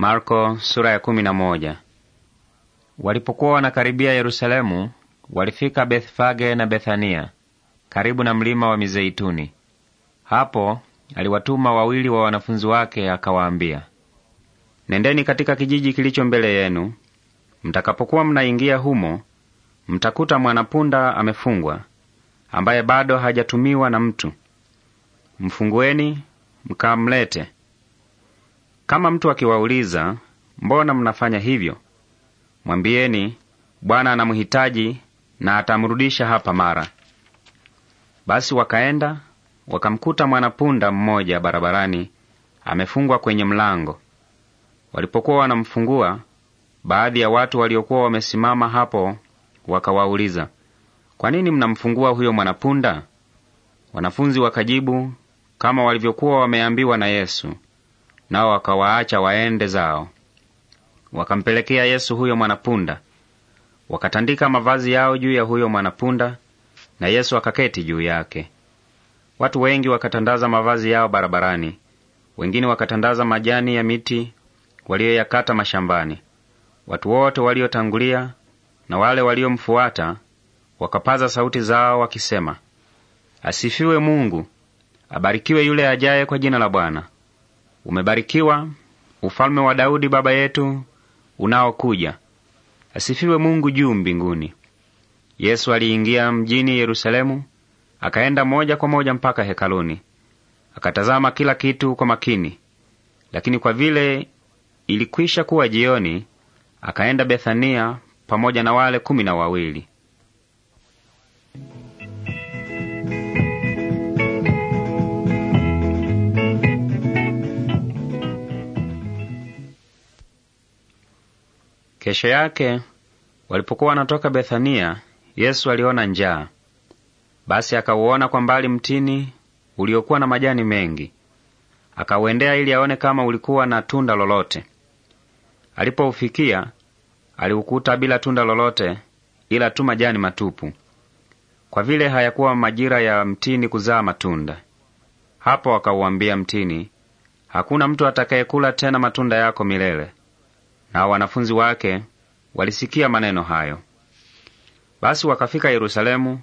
Marko sura ya kumi na moja. Walipokuwa wanakaribia Yerusalemu, walifika Bethfage na Bethania karibu na mlima wa Mizeituni. Hapo aliwatuma wawili wa wanafunzi wake, akawaambia, nendeni katika kijiji kilicho mbele yenu. Mtakapokuwa mnaingia humo, mtakuta mwanapunda amefungwa, ambaye bado hajatumiwa na mtu. Mfungueni mkamlete kama mtu akiwauliza mbona mnafanya hivyo, mwambieni Bwana anamhitaji na atamrudisha hapa mara. Basi wakaenda wakamkuta mwanapunda mmoja barabarani amefungwa kwenye mlango. Walipokuwa wanamfungua, baadhi ya watu waliokuwa wamesimama hapo wakawauliza, kwa nini mnamfungua huyo mwanapunda? Wanafunzi wakajibu kama walivyokuwa wameambiwa na Yesu nao wakawaacha waende zao. Wakampelekea Yesu huyo mwanapunda, wakatandika mavazi yao juu ya huyo mwanapunda, na Yesu akaketi juu yake. Watu wengi wakatandaza mavazi yao barabarani, wengine wakatandaza majani ya miti waliyoyakata mashambani. Watu wote waliotangulia na wale waliomfuata wakapaza sauti zao wakisema, Asifiwe Mungu! Abarikiwe yule ajaye kwa jina la Bwana! Umebarikiwa ufalme wa Daudi baba yetu unaokuja. Asifiwe Mungu juu mbinguni. Yesu aliingia mjini Yerusalemu, akaenda moja kwa moja mpaka hekaluni, akatazama kila kitu kwa makini. Lakini kwa vile ilikwisha kuwa jioni, akaenda Bethania pamoja na wale kumi na wawili. Kesho yake walipokuwa wanatoka Bethania, Yesu aliona njaa. Basi akauona kwa mbali mtini uliokuwa na majani mengi, akauendea ili aone kama ulikuwa na tunda lolote. Alipoufikia aliukuta bila tunda lolote, ila tu majani matupu, kwa vile hayakuwa majira ya mtini kuzaa matunda. Hapo akauambia mtini, hakuna mtu atakayekula tena matunda yako milele na wanafunzi wake walisikia maneno hayo. Basi wakafika Yerusalemu.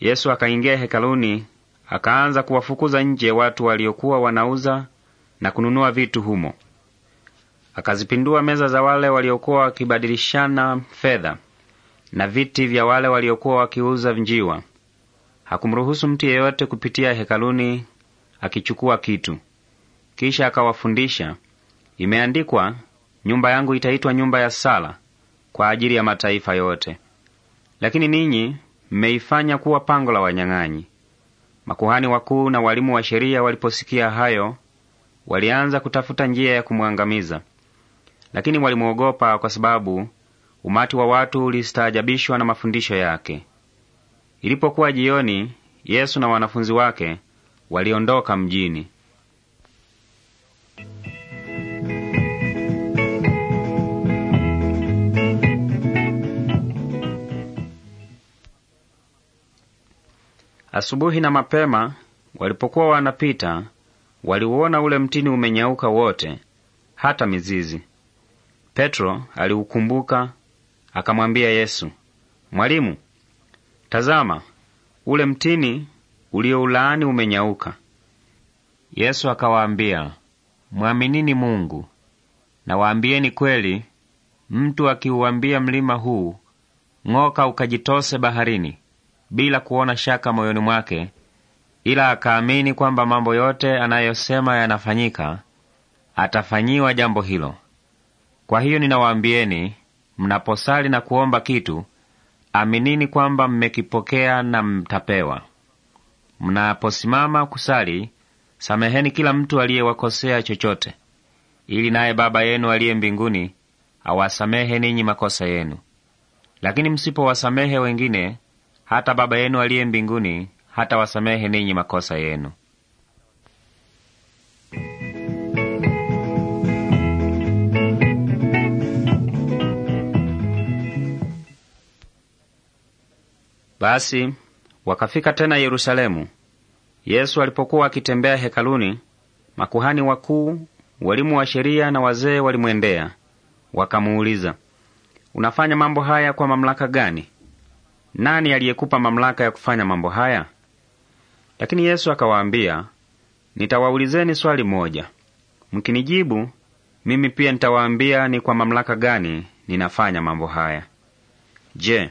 Yesu akaingia hekaluni, akaanza kuwafukuza nje watu waliokuwa wanauza na kununua vitu humo. Akazipindua meza za wale waliokuwa wakibadilishana fedha na viti vya wale waliokuwa wakiuza njiwa. Hakumruhusu mtu yeyote kupitia hekaluni akichukua kitu. Kisha akawafundisha, imeandikwa, Nyumba yangu itaitwa nyumba ya sala kwa ajili ya mataifa yote, lakini ninyi mmeifanya kuwa pango la wanyang'anyi. Makuhani wakuu na walimu wa sheria waliposikia hayo, walianza kutafuta njia ya kumwangamiza, lakini walimwogopa, kwa sababu umati wa watu ulistaajabishwa na mafundisho yake. Ilipokuwa jioni, Yesu na wanafunzi wake waliondoka mjini. Asubuhi na mapema walipokuwa wanapita, waliuona ule mtini umenyauka wote, hata mizizi. Petro aliukumbuka akamwambia Yesu, Mwalimu, tazama ule mtini ulioulaani umenyauka. Yesu akawaambia, mwaminini Mungu. Nawaambieni kweli, mtu akiuambia mlima huu ng'oka ukajitose baharini, bila kuona shaka moyoni mwake, ila akaamini kwamba mambo yote anayosema yanafanyika, atafanyiwa jambo hilo. Kwa hiyo ninawaambieni, mnaposali na kuomba kitu, aminini kwamba mmekipokea na mtapewa. Mnaposimama kusali, sameheni kila mtu aliyewakosea chochote, ili naye Baba yenu aliye mbinguni awasamehe ninyi makosa yenu. Lakini msipowasamehe wengine hata Baba yenu aliye mbinguni hata wasamehe ninyi makosa yenu. Basi wakafika tena Yerusalemu. Yesu alipokuwa akitembea hekaluni, makuhani wakuu, walimu wa sheria na wazee walimwendea, wakamuuliza, unafanya mambo haya kwa mamlaka gani? nani aliyekupa mamlaka ya kufanya mambo haya? Lakini Yesu akawaambia, nitawaulizeni swali moja, mkinijibu mimi pia nitawaambia ni kwa mamlaka gani ninafanya mambo haya. Je,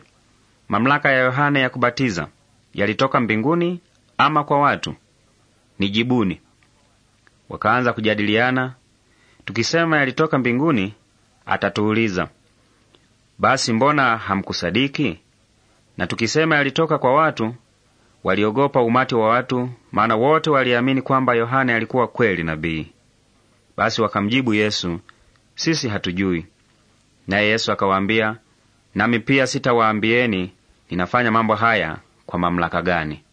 mamlaka ya Yohane ya kubatiza yalitoka mbinguni ama kwa watu? Nijibuni. Wakaanza kujadiliana, tukisema yalitoka mbinguni, atatuuliza basi, mbona hamkusadiki? Na tukisema yalitoka kwa watu, waliogopa umati wa watu, maana wote waliamini kwamba Yohane alikuwa kweli nabii. Basi wakamjibu Yesu, sisi hatujui. Naye Yesu akawaambia, nami pia sitawaambieni ninafanya mambo haya kwa mamlaka gani.